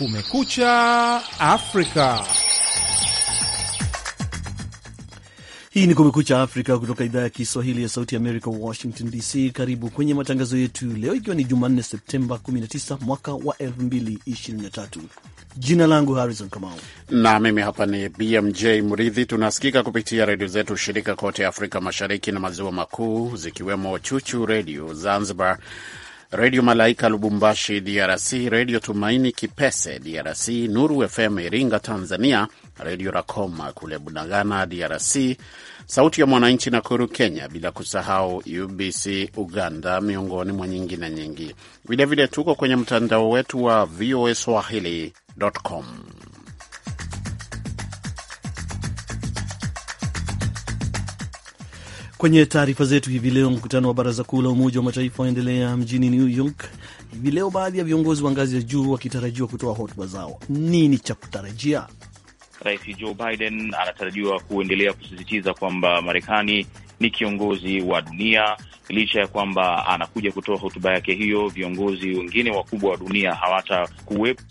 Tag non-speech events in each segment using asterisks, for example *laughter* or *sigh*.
Kumekucha Afrika. Hii ni Kumekucha Afrika kutoka idhaa ya Kiswahili ya Sauti Amerika, Washington DC. Karibu kwenye matangazo yetu leo, ikiwa ni Jumanne Septemba 19 mwaka wa 2023. Jina langu Harrison Kamau na mimi hapa ni BMJ Mridhi. Tunasikika kupitia redio zetu shirika kote Afrika Mashariki na Maziwa Makuu, zikiwemo Chuchu Redio Zanzibar, Redio Malaika Lubumbashi DRC, Redio Tumaini Kipese DRC, Nuru FM Iringa Tanzania, Redio Rakoma kule Bunagana DRC, Sauti ya Mwananchi Nakuru Kenya, bila kusahau UBC Uganda, miongoni mwa nyingine nyingi. Vilevile tuko kwenye mtandao wetu wa VOA swahili.com. Kwenye taarifa zetu hivi leo, mkutano wa baraza kuu la Umoja wa Mataifa waendelea mjini New York hivi leo, baadhi ya viongozi wa ngazi ya juu wakitarajiwa kutoa hotuba zao. Nini cha kutarajia? Rais Joe Biden anatarajiwa kuendelea kusisitiza kwamba Marekani ni kiongozi wa dunia licha ya kwamba anakuja kutoa hotuba yake hiyo, viongozi wengine wakubwa wa dunia hawatakuwepo.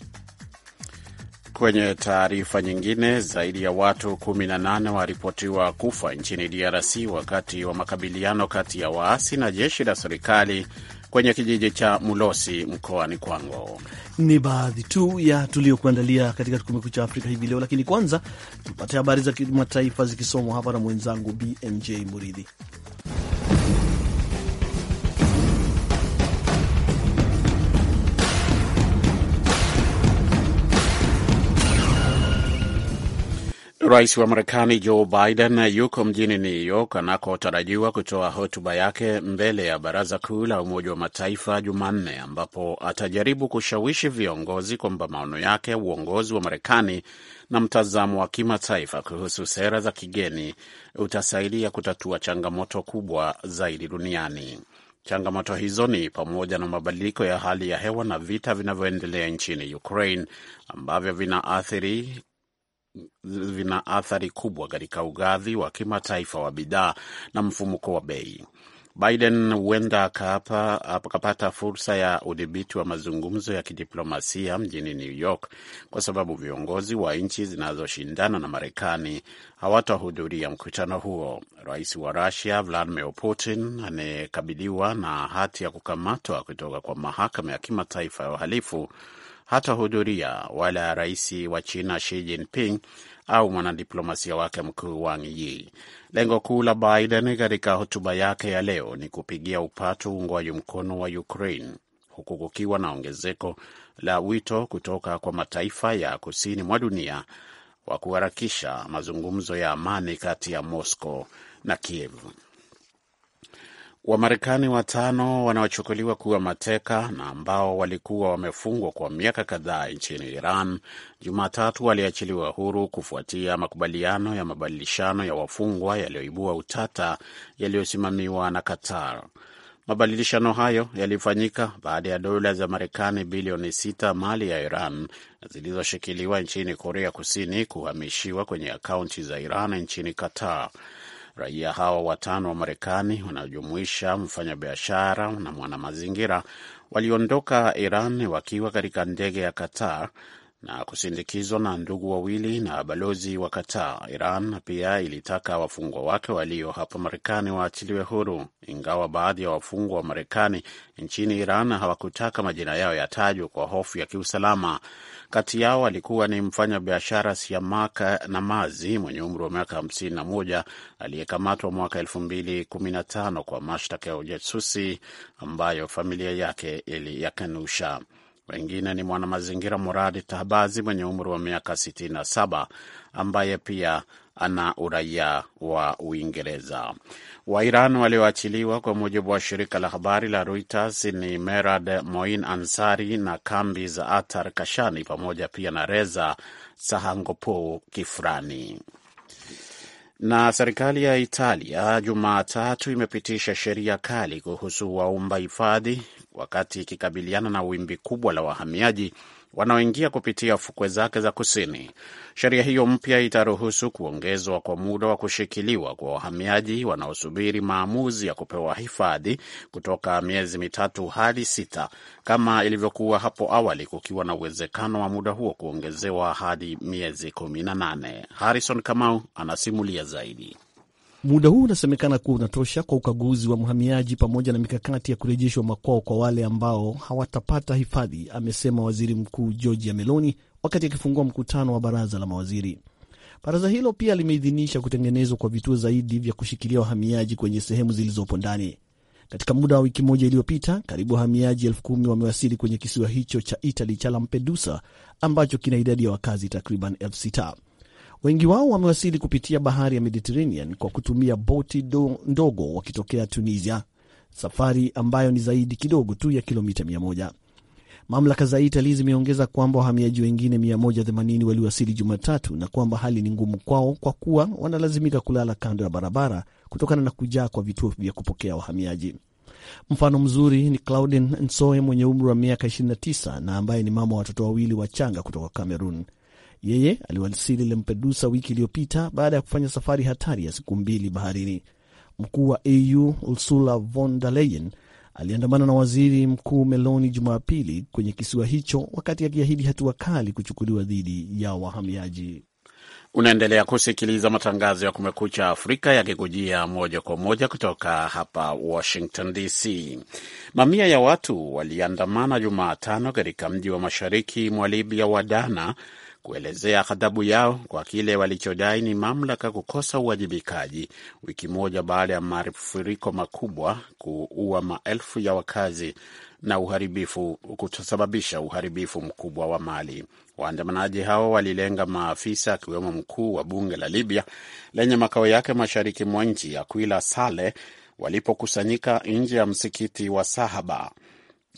Kwenye taarifa nyingine, zaidi ya watu 18 waripotiwa kufa nchini DRC wakati wa makabiliano kati ya waasi na jeshi la serikali kwenye kijiji cha Mulosi mkoani Kwango. Ni baadhi tu ya tuliyokuandalia katika Kumekucha Afrika hivi leo, lakini kwanza tupate habari za kimataifa zikisomwa hapa na mwenzangu BMJ Muridhi. Rais wa Marekani Joe Biden yuko mjini New York anakotarajiwa kutoa hotuba yake mbele ya Baraza Kuu la Umoja wa Mataifa Jumanne, ambapo atajaribu kushawishi viongozi kwamba maono yake, uongozi wa Marekani na mtazamo wa kimataifa kuhusu sera za kigeni utasaidia kutatua changamoto kubwa zaidi duniani. Changamoto hizo ni pamoja na mabadiliko ya hali ya hewa na vita vinavyoendelea nchini Ukraine ambavyo vinaathiri vina athari kubwa katika ugavi wa kimataifa wa bidhaa na mfumuko wa bei. Biden huenda akapata fursa ya udhibiti wa mazungumzo ya kidiplomasia mjini New York kwa sababu viongozi wa nchi zinazoshindana na Marekani hawatahudhuria mkutano huo. Rais wa Rusia Vladimir Putin anayekabiliwa na hati ya kukamatwa kutoka kwa mahakama ya kimataifa ya uhalifu hatahudhuria wala rais wa China Xi Jinping au mwanadiplomasia wake mkuu Wang Yi. Lengo kuu la Biden katika hotuba yake ya leo ni kupigia upatu uungwaji mkono wa Ukraine huku kukiwa na ongezeko la wito kutoka kwa mataifa ya kusini mwa dunia wa kuharakisha mazungumzo ya amani kati ya Moscow na Kiev. Wamarekani watano wanaochukuliwa kuwa mateka na ambao walikuwa wamefungwa kwa miaka kadhaa nchini Iran Jumatatu waliachiliwa huru kufuatia makubaliano ya mabadilishano ya wafungwa yaliyoibua utata yaliyosimamiwa na Qatar. Mabadilishano hayo yalifanyika baada ya dola za Marekani bilioni sita mali ya Iran zilizoshikiliwa nchini Korea Kusini kuhamishiwa kwenye akaunti za Iran nchini Qatar. Raia hao watano wa Marekani wanaojumuisha mfanyabiashara na mwanamazingira waliondoka Iran wakiwa katika ndege ya Qatar na kusindikizwa na ndugu wawili na balozi wa Qatar. Iran pia ilitaka wafungwa wake walio hapa Marekani waachiliwe huru, ingawa baadhi ya wafungwa wa Marekani nchini Iran hawakutaka majina yao yatajwe kwa hofu ya kiusalama. Kati yao alikuwa ni mfanyabiashara Siamak Namazi mwenye umri wa miaka 51 aliyekamatwa mwaka 2015 kwa mashtaka ya ujasusi ambayo familia yake iliyakanusha. Wengine ni mwanamazingira Muradi Tahbazi mwenye umri wa miaka 67 ambaye pia ana uraia wa Uingereza. Wairan walioachiliwa kwa mujibu wa shirika la habari la Reuters ni Merad Moin Ansari na kambi za Atar Kashani pamoja pia na Reza Sahangopou Kifrani. Na serikali ya Italia Jumatatu imepitisha sheria kali kuhusu waomba hifadhi wakati ikikabiliana na wimbi kubwa la wahamiaji wanaoingia kupitia fukwe zake za kusini. Sheria hiyo mpya itaruhusu kuongezwa kwa muda wa kushikiliwa kwa wahamiaji wanaosubiri maamuzi ya kupewa hifadhi kutoka miezi mitatu hadi sita, kama ilivyokuwa hapo awali, kukiwa na uwezekano wa muda huo kuongezewa hadi miezi kumi na nane. Harrison Kamau anasimulia zaidi. Muda huu unasemekana kuwa unatosha kwa ukaguzi wa mhamiaji pamoja na mikakati ya kurejeshwa makwao kwa wale ambao hawatapata hifadhi, amesema Waziri Mkuu Giorgia Meloni wakati akifungua mkutano wa baraza la mawaziri. Baraza hilo pia limeidhinisha kutengenezwa kwa vituo zaidi vya kushikilia wahamiaji kwenye sehemu zilizopo ndani. Katika muda wa wiki moja iliyopita, karibu wahamiaji elfu kumi wamewasili kwenye kisiwa hicho cha Itali cha Lampedusa ambacho kina idadi ya wakazi takriban elfu sita. Wengi wao wamewasili kupitia bahari ya Mediterranean kwa kutumia boti do, ndogo wakitokea Tunisia, safari ambayo ni zaidi kidogo tu ya kilomita 100. Mamlaka za Italia zimeongeza kwamba wahamiaji wengine 180 waliwasili Jumatatu na kwamba hali ni ngumu kwao kwa kuwa wanalazimika kulala kando ya barabara kutokana na kujaa kwa vituo vya kupokea wahamiaji. Mfano mzuri ni Claudin Nsoe mwenye umri wa miaka 29 na ambaye ni mama watoto wawili wachanga kutoka Cameroon. Yeye aliwasili Lampedusa wiki iliyopita baada ya kufanya safari hatari ya siku mbili baharini. Mkuu wa EU Ursula von der Leyen aliandamana na waziri mkuu Meloni Jumapili kwenye kisiwa hicho, wakati akiahidi hatua kali kuchukuliwa dhidi ya wahamiaji. Unaendelea kusikiliza matangazo ya Kumekucha Afrika yakikujia moja kwa moja kutoka hapa Washington DC. Mamia ya watu waliandamana Jumatano katika mji wa mashariki mwa Libya wa Dana kuelezea ghadhabu yao kwa kile walichodai ni mamlaka kukosa uwajibikaji, wiki moja baada ya mafuriko makubwa kuua maelfu ya wakazi na uharibifu kutosababisha uharibifu mkubwa wa mali. Waandamanaji hao walilenga maafisa akiwemo mkuu wa bunge la Libya lenye makao yake mashariki mwa nchi, Aquila sale walipokusanyika nje ya msikiti wa Sahaba.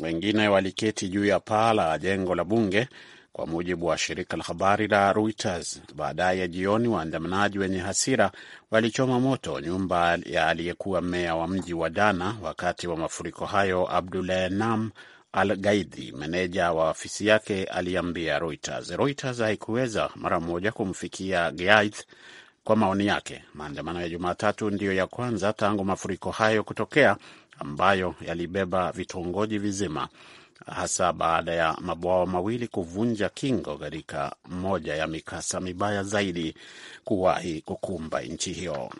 Wengine waliketi juu ya paa la jengo la bunge kwa mujibu wa shirika la habari la Reuters. Baadaye ya jioni, waandamanaji wenye hasira walichoma moto nyumba ya aliyekuwa meya wa mji wa Dana wakati wa mafuriko hayo. Abdulenam Al Gaidhi, meneja wa ofisi yake, aliambia Reuters. Reuters haikuweza mara moja kumfikia Gaidh kwa maoni yake. Maandamano ya Jumatatu ndiyo ya kwanza tangu mafuriko hayo kutokea, ambayo yalibeba vitongoji vizima hasa baada ya mabwawa mawili kuvunja kingo katika moja ya mikasa mibaya zaidi kuwahi kukumba nchi hiyo.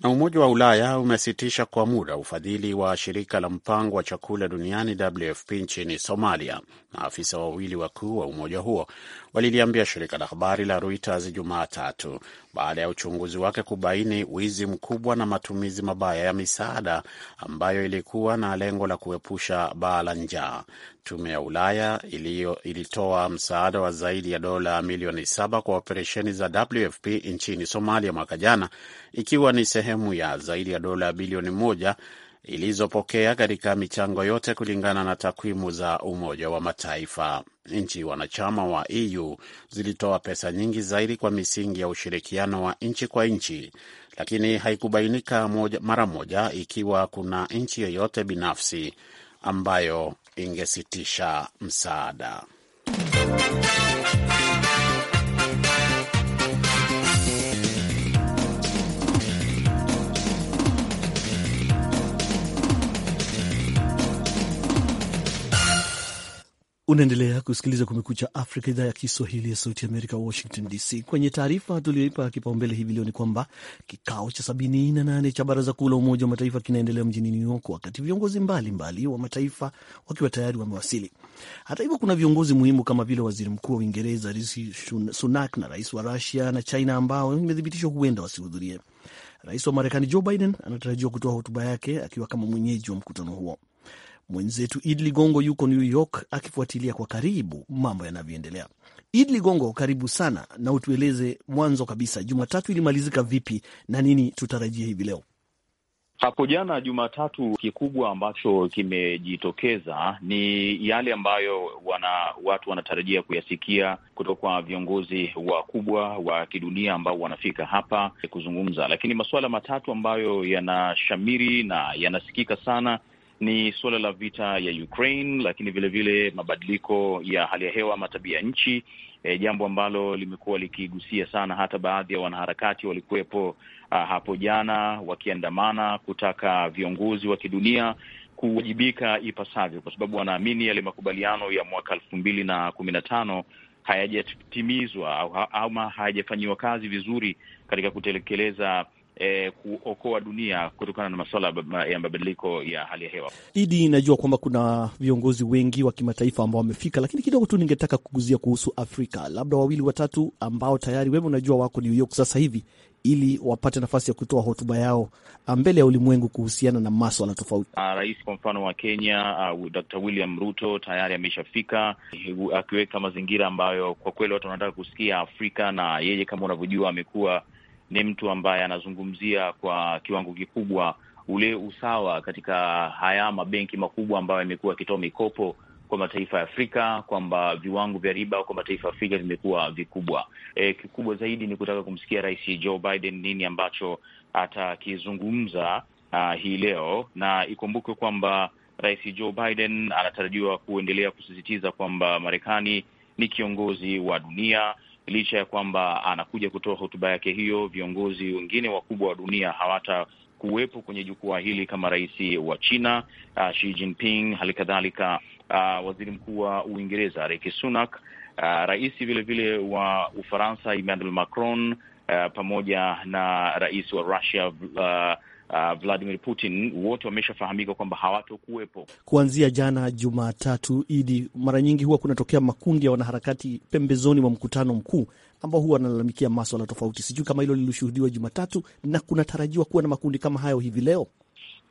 Na Umoja wa Ulaya umesitisha kwa muda ufadhili wa shirika la mpango wa chakula duniani WFP nchini Somalia. Maafisa wawili wakuu wa umoja huo waliliambia shirika la habari la Reuters Jumatatu baada ya uchunguzi wake kubaini wizi mkubwa na matumizi mabaya ya misaada ambayo ilikuwa na lengo la kuepusha baa la njaa. Tume ya Ulaya ilio, ilitoa msaada wa zaidi ya dola milioni saba kwa operesheni za WFP nchini Somalia mwaka jana, ikiwa ni sehemu ya zaidi ya dola bilioni moja ilizopokea katika michango yote kulingana na takwimu za Umoja wa Mataifa. Nchi wanachama wa EU zilitoa pesa nyingi zaidi kwa misingi ya ushirikiano wa nchi kwa nchi, lakini haikubainika moja, mara moja ikiwa kuna nchi yoyote binafsi ambayo ingesitisha msaada. Unaendelea kusikiliza Kumekucha Afrika, idhaa ya Kiswahili ya Sauti Amerika, Washington DC. Kwenye taarifa tuliyoipa kipaumbele hivi leo ni kwamba kikao cha 78 cha Baraza Kuu la Umoja wa Mataifa kinaendelea mjini New York, wakati viongozi mbalimbali wa mataifa wakiwa tayari wamewasili. Hata hivyo, kuna viongozi muhimu kama vile waziri mkuu wa Uingereza Rishi Sunak na rais wa Rusia na China ambao imethibitishwa huenda wasihudhurie. Rais wa Marekani Joe Biden anatarajiwa kutoa hotuba yake akiwa kama mwenyeji wa mkutano huo. Mwenzetu Id Ligongo yuko New York akifuatilia kwa karibu mambo yanavyoendelea. Id Ligongo, karibu sana na utueleze mwanzo kabisa, Jumatatu ilimalizika vipi na nini tutarajia hivi leo? Hapo jana Jumatatu, kikubwa ambacho kimejitokeza ni yale ambayo wana, watu wanatarajia kuyasikia kutoka kwa viongozi wakubwa wa kidunia ambao wanafika hapa kuzungumza, lakini masuala matatu ambayo yanashamiri na yanasikika sana ni suala la vita ya Ukraine, lakini vilevile mabadiliko ya hali ya hewa ama tabia ya nchi e, jambo ambalo limekuwa likigusia sana hata baadhi ya wanaharakati walikuwepo hapo jana wakiandamana kutaka viongozi wa kidunia kuwajibika ipasavyo, kwa sababu wanaamini yale makubaliano ya mwaka elfu mbili na kumi na tano hayajatimizwa ama hayajafanyiwa kazi vizuri katika kutekeleza eh, kuokoa dunia kutokana na masuala ya mabadiliko ya hali ya hewa. Idi, najua kwamba kuna viongozi wengi wa kimataifa ambao wamefika, lakini kidogo tu ningetaka kuguzia kuhusu Afrika, labda wawili watatu ambao tayari wewe unajua wako New York sasa hivi ili wapate nafasi ya kutoa hotuba yao ah, mbele ya ulimwengu kuhusiana na maswala tofauti. Ah, rais kwa mfano wa Kenya, uh, Dr. William Ruto tayari ameshafika eh, akiweka mazingira ambayo kwa kweli watu wanataka kusikia Afrika, na yeye kama unavyojua amekuwa ni mtu ambaye anazungumzia kwa kiwango kikubwa ule usawa katika haya mabenki makubwa ambayo yamekuwa yakitoa mikopo kwa mataifa ya Afrika, kwamba viwango vya riba kwa mataifa ya Afrika vimekuwa vikubwa. E, kikubwa zaidi ni kutaka kumsikia Rais Joe Biden nini ambacho atakizungumza hii leo, na ikumbukwe kwamba Rais Joe Biden anatarajiwa kuendelea kusisitiza kwamba Marekani ni kiongozi wa dunia licha ya kwamba anakuja kutoa hotuba yake hiyo, viongozi wengine wakubwa wa dunia hawata kuwepo kwenye jukwaa hili kama rais wa China uh, Xi Jinping, hali kadhalika uh, waziri mkuu wa Uingereza Rishi Sunak, uh, rais vilevile wa Ufaransa Emmanuel Macron, uh, pamoja na rais wa Russia uh, uh, Vladimir Putin wote wameshafahamika kwamba hawatokuwepo kuanzia jana Jumatatu. Idi, mara nyingi huwa kunatokea makundi ya wanaharakati pembezoni mwa mkutano mkuu ambao huwa wanalalamikia maswala tofauti. Sijui kama hilo lilishuhudiwa Jumatatu na kunatarajiwa kuwa na makundi kama hayo hivi leo.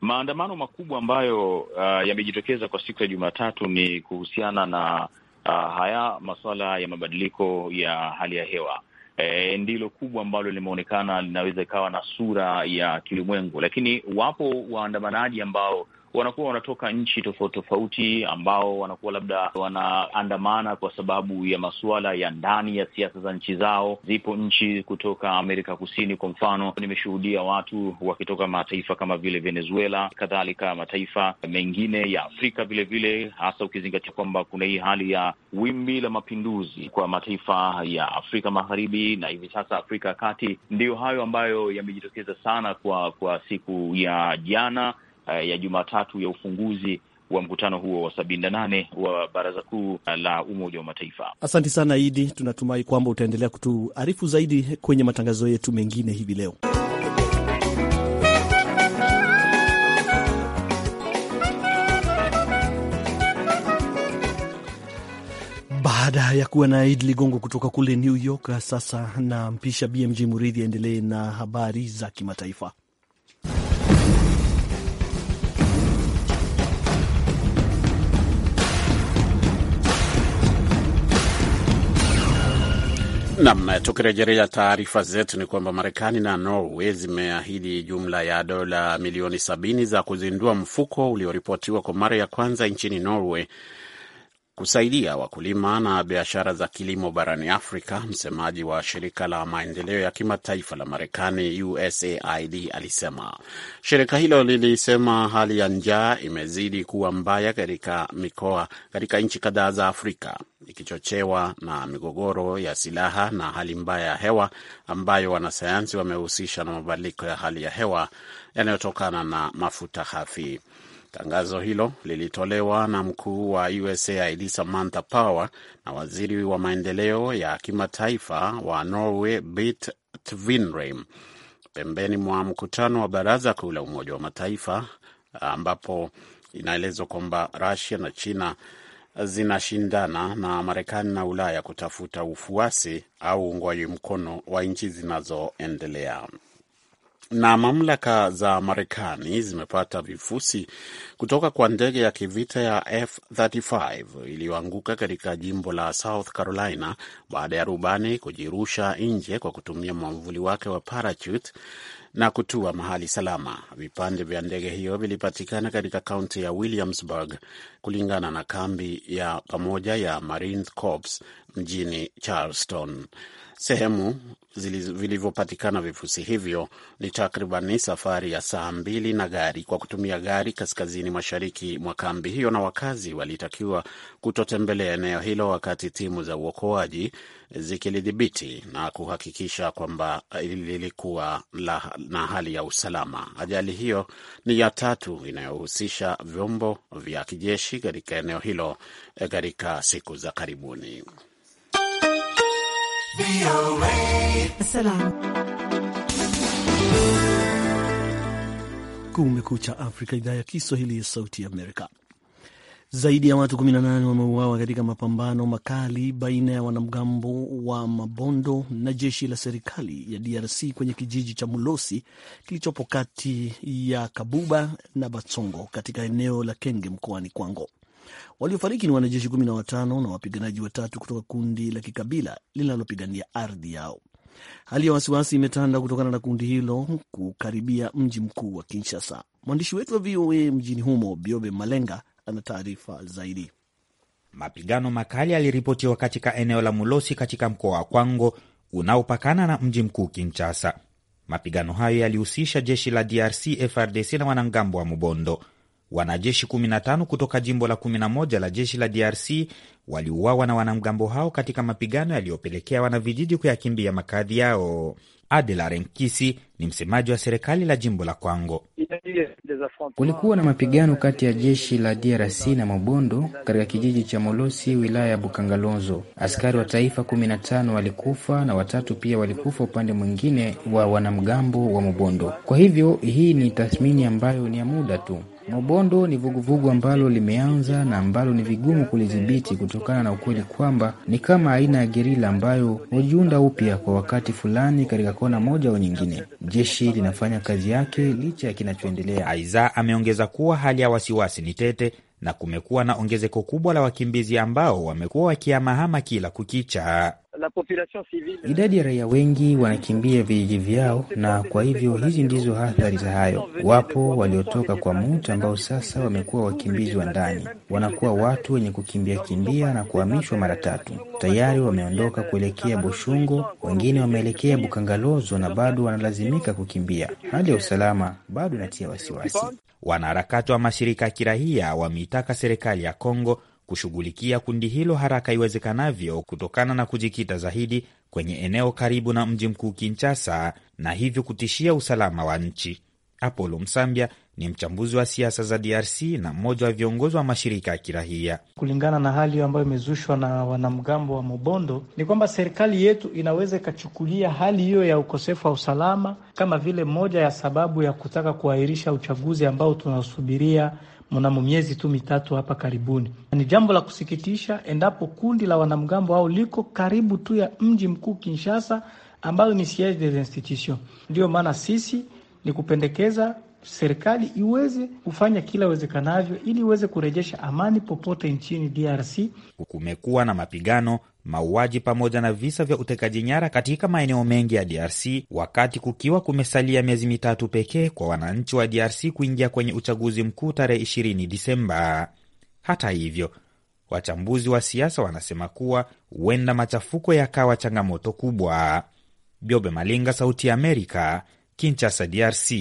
Maandamano makubwa ambayo uh, yamejitokeza kwa siku ya Jumatatu ni kuhusiana na uh, haya masuala ya mabadiliko ya hali ya hewa e, ndilo kubwa ambalo limeonekana linaweza ikawa na sura ya kilimwengu, lakini wapo waandamanaji ambao wanakuwa wanatoka nchi tofauti tofauti, ambao wanakuwa labda wanaandamana kwa sababu ya masuala ya ndani ya siasa za nchi zao. Zipo nchi kutoka Amerika Kusini, kwa mfano, nimeshuhudia watu wakitoka mataifa kama vile Venezuela, kadhalika mataifa mengine ya Afrika vilevile, hasa ukizingatia kwamba kuna hii hali ya wimbi la mapinduzi kwa mataifa ya Afrika Magharibi na hivi sasa Afrika ya Kati. Ndiyo hayo ambayo yamejitokeza sana kwa, kwa siku ya jana uh, ya Jumatatu ya ufunguzi wa mkutano huo wa sabini na nane wa Baraza Kuu la Umoja wa Mataifa. Asante sana Idi, tunatumai kwamba utaendelea kutuarifu zaidi kwenye matangazo yetu mengine hivi leo. Baada ya kuwa na Idi Ligongo kutoka kule New York, sasa nampisha bmg Muridhi aendelee na habari za kimataifa. Nam, tukirejelea taarifa zetu ni kwamba Marekani na Norway zimeahidi jumla ya dola milioni sabini za kuzindua mfuko ulioripotiwa kwa mara ya kwanza nchini Norway kusaidia wakulima na biashara za kilimo barani Afrika. Msemaji wa shirika la maendeleo ya kimataifa la Marekani, USAID, alisema shirika hilo lilisema hali ya njaa imezidi kuwa mbaya katika mikoa katika nchi kadhaa za Afrika, ikichochewa na migogoro ya silaha na hali mbaya ya hewa ambayo wanasayansi wamehusisha na mabadiliko ya hali ya hewa yanayotokana na mafuta hafi. Tangazo hilo lilitolewa na mkuu wa USAID Samantha Power na waziri wa maendeleo ya kimataifa wa Norway Bit Tvinnereim pembeni mwa mkutano wa Baraza Kuu la Umoja wa Mataifa ambapo inaelezwa kwamba Rusia na China zinashindana na Marekani na Ulaya kutafuta ufuasi au uungwaji mkono wa nchi zinazoendelea. Na mamlaka za Marekani zimepata vifusi kutoka kwa ndege ya kivita ya F35 iliyoanguka katika jimbo la South Carolina baada ya rubani kujirusha nje kwa kutumia mwamvuli wake wa parachute na kutua mahali salama. Vipande vya ndege hiyo vilipatikana katika kaunti ya Williamsburg, kulingana na kambi ya pamoja ya Marine Corps mjini Charleston. Sehemu vilivyopatikana vifusi hivyo ni takribani safari ya saa mbili na gari kwa kutumia gari kaskazini mashariki mwa kambi hiyo, na wakazi walitakiwa kutotembelea eneo hilo wakati timu za uokoaji zikilidhibiti na kuhakikisha kwamba lilikuwa na hali ya usalama. Ajali hiyo ni ya tatu inayohusisha vyombo vya kijeshi katika eneo hilo eh, katika siku za karibuni. Kumekucha Afrika, idhaa ya Kiswahili ya Sauti ya Amerika. Zaidi ya watu 18 wameuawa katika mapambano makali baina ya wanamgambo wa Mabondo na jeshi la serikali ya DRC kwenye kijiji cha Mulosi kilichopo kati ya Kabuba na Batsongo katika eneo la Kenge mkoani Kwango. Waliofariki ni wanajeshi kumi na watano na wapiganaji watatu kutoka kundi la kikabila linalopigania ardhi yao. Hali ya wasiwasi imetanda kutokana na kundi hilo kukaribia mji mkuu wa Kinshasa. Mwandishi wetu wa VOA mjini humo, Biobe Malenga, ana taarifa zaidi. Mapigano makali yaliripotiwa katika eneo la Mulosi katika mkoa wa Kwango unaopakana na mji mkuu Kinshasa. Mapigano hayo yalihusisha jeshi la DRC, FRDC na wanangambo wa Mubondo. Wanajeshi 15 kutoka jimbo la 11 la jeshi la DRC waliuawa na wanamgambo hao katika mapigano yaliyopelekea wanavijiji kuyakimbia makazi yao. Adela Renkisi ni msemaji wa serikali la jimbo la Kwango. Kulikuwa na mapigano kati ya jeshi la DRC na Mabondo katika kijiji cha Molosi, wilaya ya Bukangalozo. Askari wa taifa kumi na tano walikufa na watatu pia walikufa upande mwingine wa wanamgambo wa Mabondo. Kwa hivyo hii ni tathmini ambayo ni ya muda tu. Mobondo ni vuguvugu ambalo limeanza na ambalo ni vigumu kulidhibiti kutokana na ukweli kwamba ni kama aina ya gerila ambayo hujiunda upya kwa wakati fulani katika kona moja au nyingine. Jeshi linafanya kazi yake licha ya kinachoendelea. Aiza ameongeza kuwa hali ya wasiwasi ni tete na kumekuwa na ongezeko kubwa la wakimbizi ambao wamekuwa wakihamahama kila kukicha la population civile. Idadi ya raia wengi wanakimbia vijiji vyao, na kwa hivyo hizi ndizo athari za hayo. Wapo waliotoka kwa mutu ambao sasa wamekuwa wakimbizi wa ndani, wanakuwa watu wenye kukimbia kimbia na kuhamishwa mara tatu. Tayari wameondoka kuelekea Boshungo, wengine wameelekea Bukangalozo na bado wanalazimika kukimbia. Hali ya usalama bado inatia wasiwasi. Wanaharakati wa mashirika ya kiraia wameitaka serikali ya Kongo kushughulikia kundi hilo haraka iwezekanavyo kutokana na kujikita zaidi kwenye eneo karibu na mji mkuu Kinshasa na hivyo kutishia usalama wa nchi. Apollo Msambya ni mchambuzi wa siasa za DRC na mmoja wa viongozi wa mashirika ya kiraia. Kulingana na hali ambayo imezushwa na wanamgambo wa Mobondo, ni kwamba serikali yetu inaweza ikachukulia hali hiyo ya ukosefu wa usalama kama vile moja ya sababu ya kutaka kuahirisha uchaguzi ambao tunasubiria mnamo miezi tu mitatu hapa karibuni. Ni jambo la kusikitisha endapo kundi la wanamgambo hao liko karibu tu ya mji mkuu Kinshasa, ambayo ni siege des institutions. Ndiyo maana sisi ni kupendekeza serikali iweze kufanya kila iwezekanavyo ili iweze kurejesha amani popote nchini DRC. Kumekuwa na mapigano, mauaji pamoja na visa vya utekaji nyara katika maeneo mengi ya DRC, wakati kukiwa kumesalia miezi mitatu pekee kwa wananchi wa DRC kuingia kwenye uchaguzi mkuu tarehe 20 Disemba. Hata hivyo, wachambuzi wa siasa wanasema kuwa huenda machafuko yakawa changamoto kubwa. Biobe malinga Sauti ya Amerika, Kinchasa, DRC.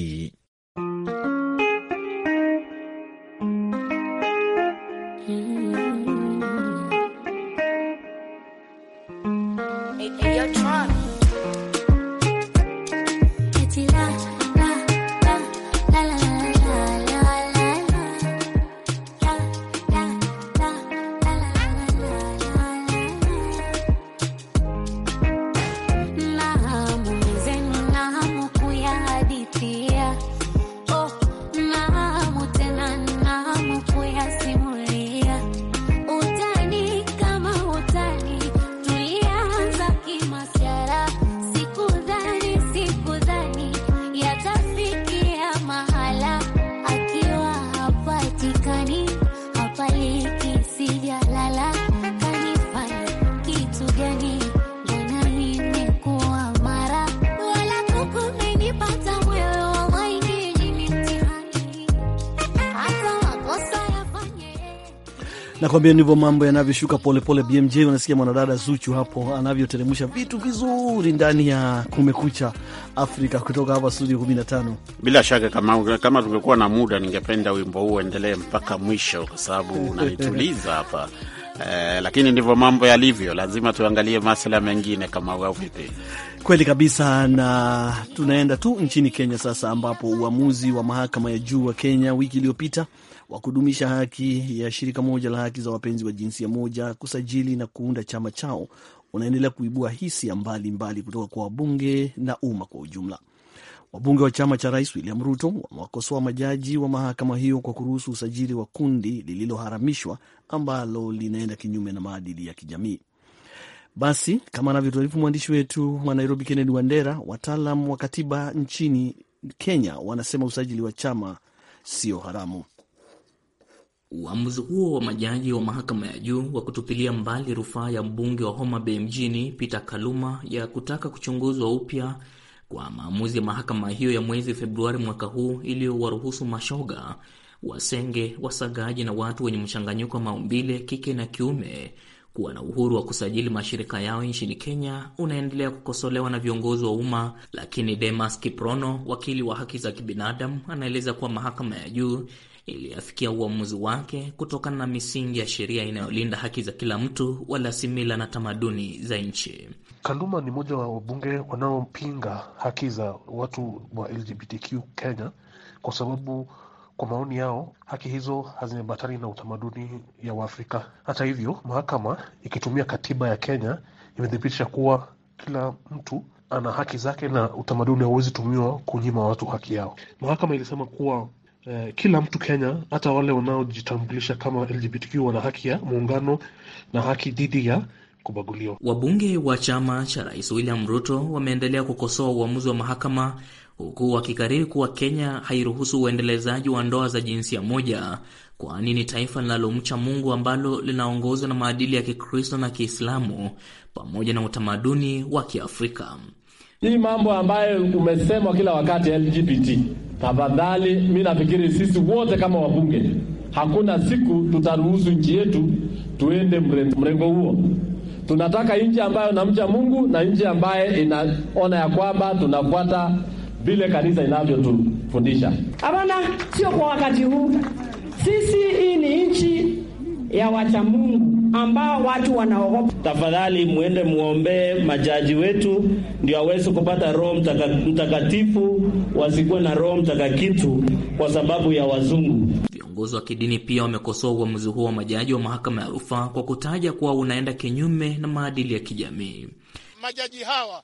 nakwambia ndivyo mambo yanavyoshuka polepole. BMJ, unasikia mwanadada Zuchu hapo anavyoteremsha vitu vizuri ndani ya Kumekucha Afrika kutoka hapa studio 15. Bila shaka kama, kama tungekuwa na muda ningependa wimbo huu uendelee mpaka mwisho kwa sababu *laughs* unanituliza hapa Eh, lakini ndivyo mambo yalivyo, lazima tuangalie masuala mengine kama wavipi. Kweli kabisa, na tunaenda tu nchini Kenya sasa, ambapo uamuzi wa mahakama ya juu wa Kenya wiki iliyopita wa kudumisha haki ya shirika moja la haki za wapenzi wa jinsia moja kusajili na kuunda chama chao unaendelea kuibua hisia mbalimbali kutoka kwa wabunge na umma kwa ujumla. Wabunge wa chama cha Rais William Ruto wamewakosoa majaji wa mahakama hiyo kwa kuruhusu usajili wa kundi lililoharamishwa ambalo linaenda kinyume na maadili ya kijamii. Basi kama anavyotuarifu mwandishi wetu wa Nairobi, Kennedy Wandera, wataalam wa katiba nchini Kenya wanasema usajili wa chama sio haramu. Uamuzi huo wa majaji wa mahakama ya juu wa kutupilia mbali rufaa ya mbunge wa Homa Bay mjini Peter Kaluma ya kutaka kuchunguzwa upya kwa maamuzi ya mahakama hiyo ya mwezi Februari mwaka huu iliyowaruhusu mashoga, wasenge, wasagaji na watu wenye mchanganyiko wa maumbile kike na kiume kuwa na uhuru wa kusajili mashirika yao nchini Kenya unaendelea kukosolewa na viongozi wa umma, lakini Demas Kiprono, wakili wa haki za kibinadamu, anaeleza kuwa mahakama ya juu iliafikia uamuzi wake kutokana na misingi ya sheria inayolinda haki za kila mtu, wala si mila na tamaduni za nchi. Kanduma ni mmoja wa wabunge wanaopinga haki za watu wa LGBTQ Kenya kwa sababu kwa maoni yao haki hizo haziambatani na utamaduni ya Waafrika. Hata hivyo, mahakama ikitumia katiba ya Kenya imethibitisha kuwa kila mtu ana haki zake na utamaduni hauwezi tumiwa kunyima watu haki yao. Mahakama ilisema kuwa Eh, kila mtu Kenya, hata wale wanaojitambulisha kama LGBTQ wana haki ya muungano na haki dhidi ya kubaguliwa. Wabunge wa chama cha Rais William Ruto wameendelea kukosoa uamuzi wa mahakama huku wakikariri kuwa Kenya hairuhusu uendelezaji wa ndoa za jinsia moja, kwani ni taifa linalomcha Mungu ambalo linaongozwa na maadili ya Kikristo na Kiislamu pamoja na utamaduni wa Kiafrika. Hii mambo ambayo umesema kila wakati LGBT, tafadhali, mi nafikiri sisi wote kama wabunge, hakuna siku tutaruhusu nchi yetu tuende mrengo huo. Tunataka nchi ambayo namcha Mungu na nchi ambaye inaona ya kwamba tunafuata vile kanisa inavyotufundisha. Hapana, sio kwa wakati huu. Sisi hii ni nchi ya wacha Mungu ambao watu wanaogopa. Tafadhali mwende mwombee majaji wetu ndio aweze kupata Roho Mtakatifu, wasikuwe na roho mtakakitu kwa sababu ya wazungu. Viongozi wa kidini pia wamekosoa uamuzi huo wa majaji wa mahakama ya rufaa kwa kutaja kuwa unaenda kinyume na maadili ya kijamii. Majaji hawa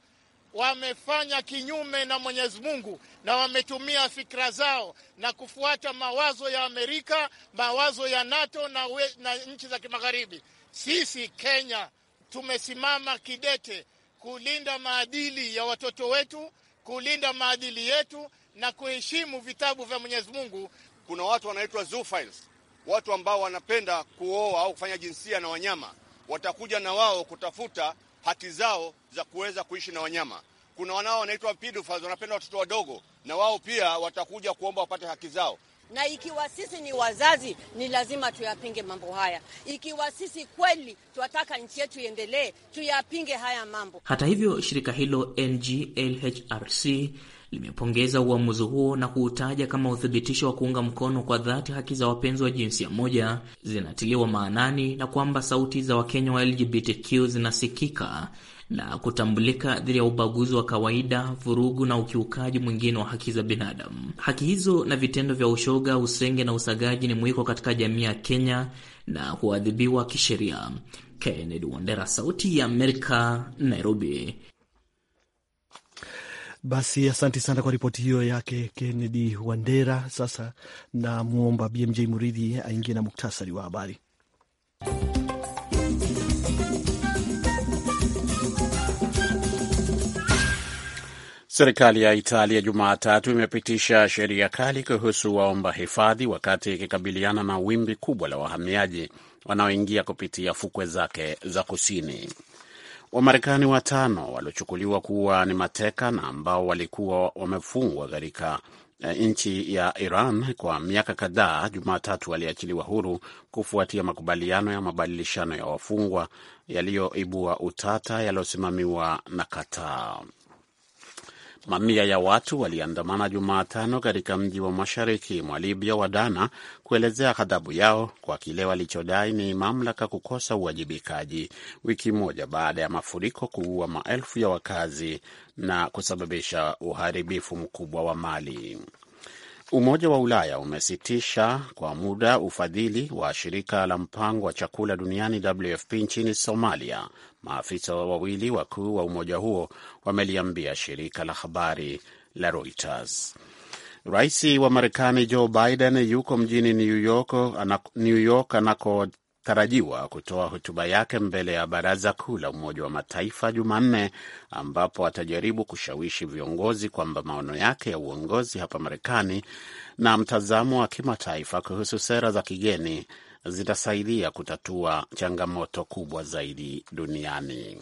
wamefanya kinyume na Mwenyezi Mungu na wametumia fikra zao na kufuata mawazo ya Amerika, mawazo ya NATO na, we, na nchi za kimagharibi. Sisi Kenya tumesimama kidete kulinda maadili ya watoto wetu, kulinda maadili yetu na kuheshimu vitabu vya Mwenyezi Mungu. Kuna watu wanaitwa zoophiles, watu ambao wanapenda kuoa au kufanya jinsia na wanyama, watakuja na wao kutafuta haki zao za kuweza kuishi na wanyama. Kuna wanao wanaitwa pedophiles, wanapenda watoto wadogo, na wao pia watakuja kuomba wapate haki zao na ikiwa sisi ni wazazi, ni lazima tuyapinge mambo haya. Ikiwa sisi kweli tunataka nchi yetu iendelee, tuyapinge haya mambo. Hata hivyo, shirika hilo NGLHRC limepongeza uamuzi huo na kuutaja kama uthibitisho wa kuunga mkono kwa dhati haki za wapenzi wa jinsia moja zinatiliwa maanani na kwamba sauti za Wakenya wa LGBTQ zinasikika na kutambulika dhidi ya ubaguzi wa kawaida, vurugu na ukiukaji mwingine wa haki za binadamu. Haki hizo na vitendo vya ushoga, usenge na usagaji ni mwiko katika jamii ya Kenya na huadhibiwa kisheria. Kennedy Wandera, Sauti ya Amerika, Nairobi. Basi asante sana kwa ripoti hiyo yake Kennedy Wandera. Sasa namwomba BMJ Muridhi aingie na muktasari wa habari. Serikali ya Italia Jumatatu imepitisha sheria kali kuhusu waomba hifadhi wakati ikikabiliana na wimbi kubwa la wahamiaji wanaoingia kupitia fukwe zake za kusini. Wamarekani watano waliochukuliwa kuwa ni mateka na ambao walikuwa wamefungwa katika eh, nchi ya Iran kwa miaka kadhaa, Jumatatu waliachiliwa huru kufuatia makubaliano ya mabadilishano ya wafungwa yaliyoibua utata yaliyosimamiwa na Qatar. Mamia ya watu waliandamana Jumatano katika mji wa mashariki mwa Libya wa Dana kuelezea ghadhabu yao kwa kile walichodai ni mamlaka kukosa uwajibikaji, wiki moja baada ya mafuriko kuua maelfu ya wakazi na kusababisha uharibifu mkubwa wa mali. Umoja wa Ulaya umesitisha kwa muda ufadhili wa shirika la mpango wa chakula duniani WFP nchini Somalia maafisa wawili wakuu wa umoja huo wameliambia shirika la habari la Reuters. Rais wa Marekani Joe Biden yuko mjini New York, New York anakotarajiwa kutoa hotuba yake mbele ya Baraza Kuu la Umoja wa Mataifa Jumanne, ambapo atajaribu kushawishi viongozi kwamba maono yake ya uongozi hapa Marekani na mtazamo wa kimataifa kuhusu sera za kigeni zitasaidia kutatua changamoto kubwa zaidi duniani.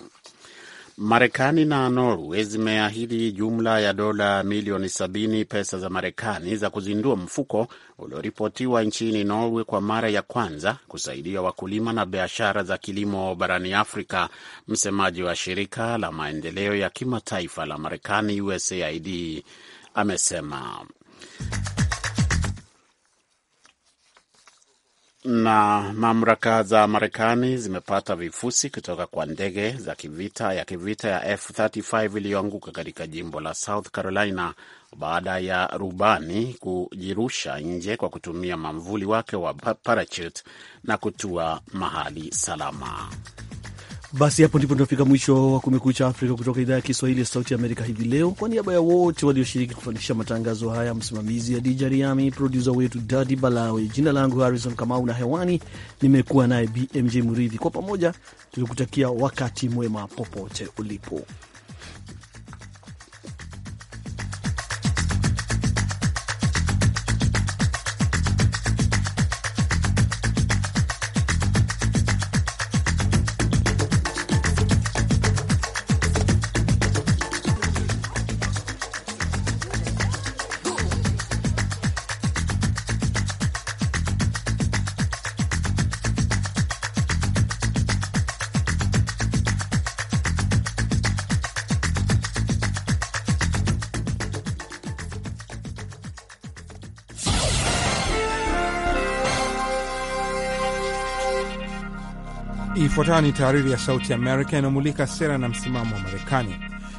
Marekani na Norway zimeahidi jumla ya dola milioni sabini pesa za Marekani za kuzindua mfuko ulioripotiwa nchini Norway kwa mara ya kwanza kusaidia wakulima na biashara za kilimo barani Afrika. Msemaji wa shirika la maendeleo ya kimataifa la Marekani USAID amesema Na mamlaka za Marekani zimepata vifusi kutoka kwa ndege za kivita ya kivita ya F35 iliyoanguka katika jimbo la South Carolina baada ya rubani kujirusha nje kwa kutumia mamvuli wake wa parachute na kutua mahali salama. Basi hapo ndipo tunafika mwisho wa Kumekucha Afrika kutoka idhaa ya Kiswahili ya Sauti Amerika hivi leo. Kwa niaba ya wote walioshiriki kufanikisha matangazo haya, msimamizi ya DJ Riami, produsa wetu Dadi Balawe, jina langu Harrison Kamau na hewani nimekuwa naye BMJ Muridhi. Kwa pamoja tulikutakia wakati mwema popote ulipo. Ifuatayo ni taariri ya Sauti Amerika inayomulika sera na msimamo wa Marekani.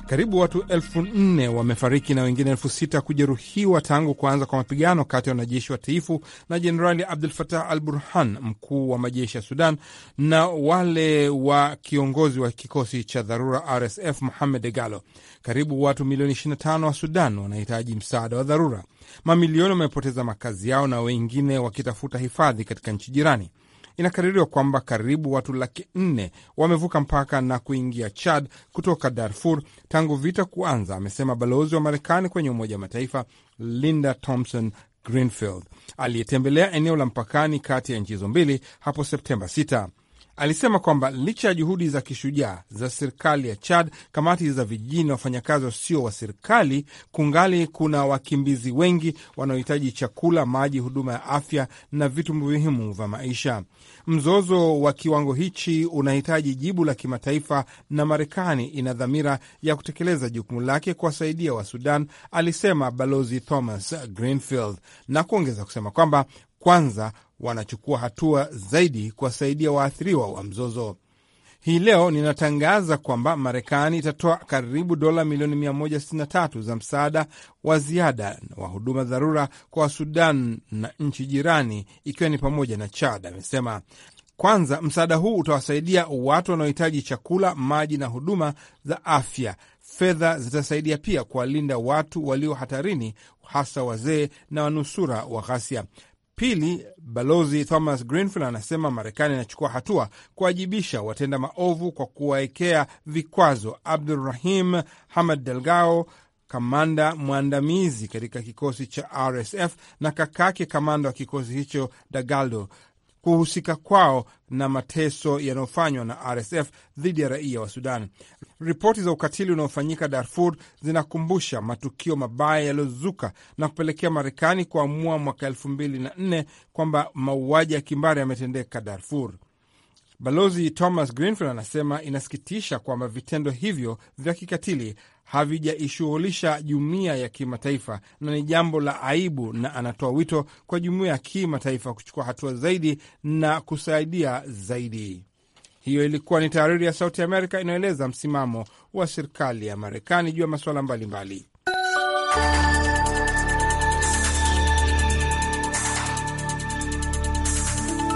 Karibu watu elfu nne wamefariki na wengine elfu sita kujeruhiwa tangu kuanza kwa mapigano kati ya wanajeshi wa taifu na Jenerali Abdul Fatah al Burhan, mkuu wa majeshi ya Sudan, na wale wa kiongozi wa kikosi cha dharura RSF Mohamed Degalo. Karibu watu milioni 25 wa Sudan wanahitaji msaada wa dharura. Mamilioni wamepoteza makazi yao na wengine wakitafuta hifadhi katika nchi jirani. Inakadiriwa kwamba karibu watu laki nne wamevuka mpaka na kuingia Chad kutoka Darfur tangu vita kuanza, amesema balozi wa Marekani kwenye Umoja wa Mataifa Linda Thompson Greenfield aliyetembelea eneo la mpakani kati ya nchi hizo mbili hapo Septemba 6. Alisema kwamba licha ya juhudi za kishujaa za serikali ya Chad, kamati za vijijini na wafanyakazi wasio wa serikali, kungali kuna wakimbizi wengi wanaohitaji chakula, maji, huduma ya afya na vitu muhimu vya maisha. Mzozo wa kiwango hichi unahitaji jibu la kimataifa, na Marekani ina dhamira ya kutekeleza jukumu lake kuwasaidia wa Sudan, alisema Balozi Thomas Greenfield, na kuongeza kusema kwamba kwanza wanachukua hatua zaidi kuwasaidia waathiriwa wa mzozo. Hii leo ninatangaza kwamba Marekani itatoa karibu dola milioni 163 za msaada wa ziada wa huduma dharura kwa Sudan na nchi jirani, ikiwa ni pamoja na Chad, amesema. Kwanza, msaada huu utawasaidia watu wanaohitaji chakula, maji na huduma za afya. Fedha zitasaidia pia kuwalinda watu walio hatarini, hasa wazee na wanusura wa ghasia. Pili, Balozi Thomas Greenfield anasema Marekani inachukua hatua kuwajibisha watenda maovu kwa kuwawekea vikwazo Abdurahim Hamad Delgao, kamanda mwandamizi katika kikosi cha RSF na kakake kamanda wa kikosi hicho Dagaldo kuhusika kwao na mateso yanayofanywa na RSF dhidi ya raia wa Sudan. Ripoti za ukatili unaofanyika Darfur zinakumbusha matukio mabaya yaliyozuka na kupelekea Marekani kuamua mwaka elfu mbili na nne kwamba mauaji ya kimbari yametendeka Darfur. Balozi Thomas Greenfield anasema inasikitisha kwamba vitendo hivyo vya kikatili havijaishughulisha jumuiya ya kimataifa na ni jambo la aibu, na anatoa wito kwa jumuiya ya kimataifa kuchukua hatua zaidi na kusaidia zaidi. Hiyo ilikuwa ni tahariri ya Sauti Amerika inayoeleza msimamo wa serikali ya Marekani juu ya masuala mbalimbali.